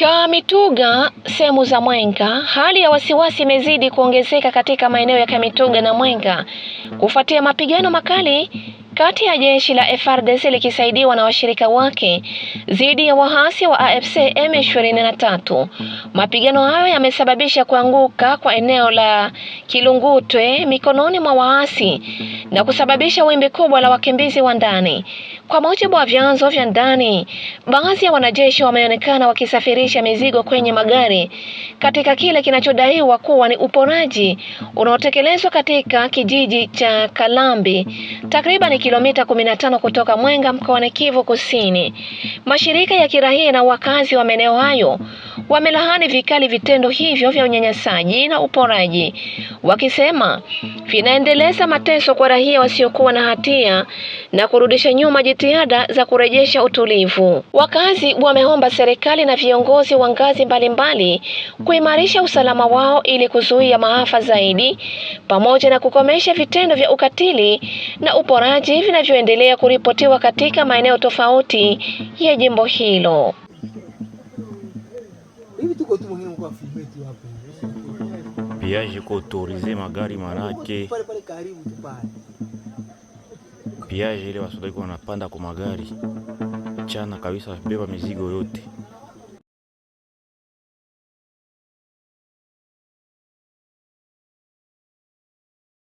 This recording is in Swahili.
Kamituga sehemu za Mwenga, hali ya wasiwasi imezidi kuongezeka katika maeneo ya Kamituga na Mwenga kufuatia mapigano makali kati ya jeshi la FRDC likisaidiwa na washirika wake dhidi ya waasi wa AFC M23. Mapigano hayo yamesababisha kuanguka kwa eneo la Kilungutwe mikononi mwa waasi na kusababisha wimbi kubwa la wakimbizi wa ndani. Kwa mujibu wa vyanzo vya ndani, baadhi ya wanajeshi wameonekana wakisafirisha mizigo kwenye magari katika kile kinachodaiwa kuwa ni uporaji unaotekelezwa katika kijiji cha Kalambi, takriban kilomita 15 kutoka Mwenga mkoani Kivu Kusini. Mashirika ya kiraia na wakazi wa maeneo hayo wamelahani vikali vitendo hivyo vya unyanyasaji na uporaji, wakisema vinaendeleza mateso kwa raia wasiokuwa na hatia na kurudisha nyuma jitihada za kurejesha utulivu. Wakazi wameomba serikali na viongozi wa ngazi mbalimbali kuimarisha usalama wao ili kuzuia maafa zaidi, pamoja na kukomesha vitendo vya ukatili na uporaji vinavyoendelea kuripotiwa katika maeneo tofauti ya jimbo hilo piage ko autorize magari manake piage ile wasodaki wanapanda kwa magari chana kabisa, beba mizigo yote